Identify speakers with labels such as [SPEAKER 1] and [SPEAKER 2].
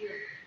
[SPEAKER 1] Sure.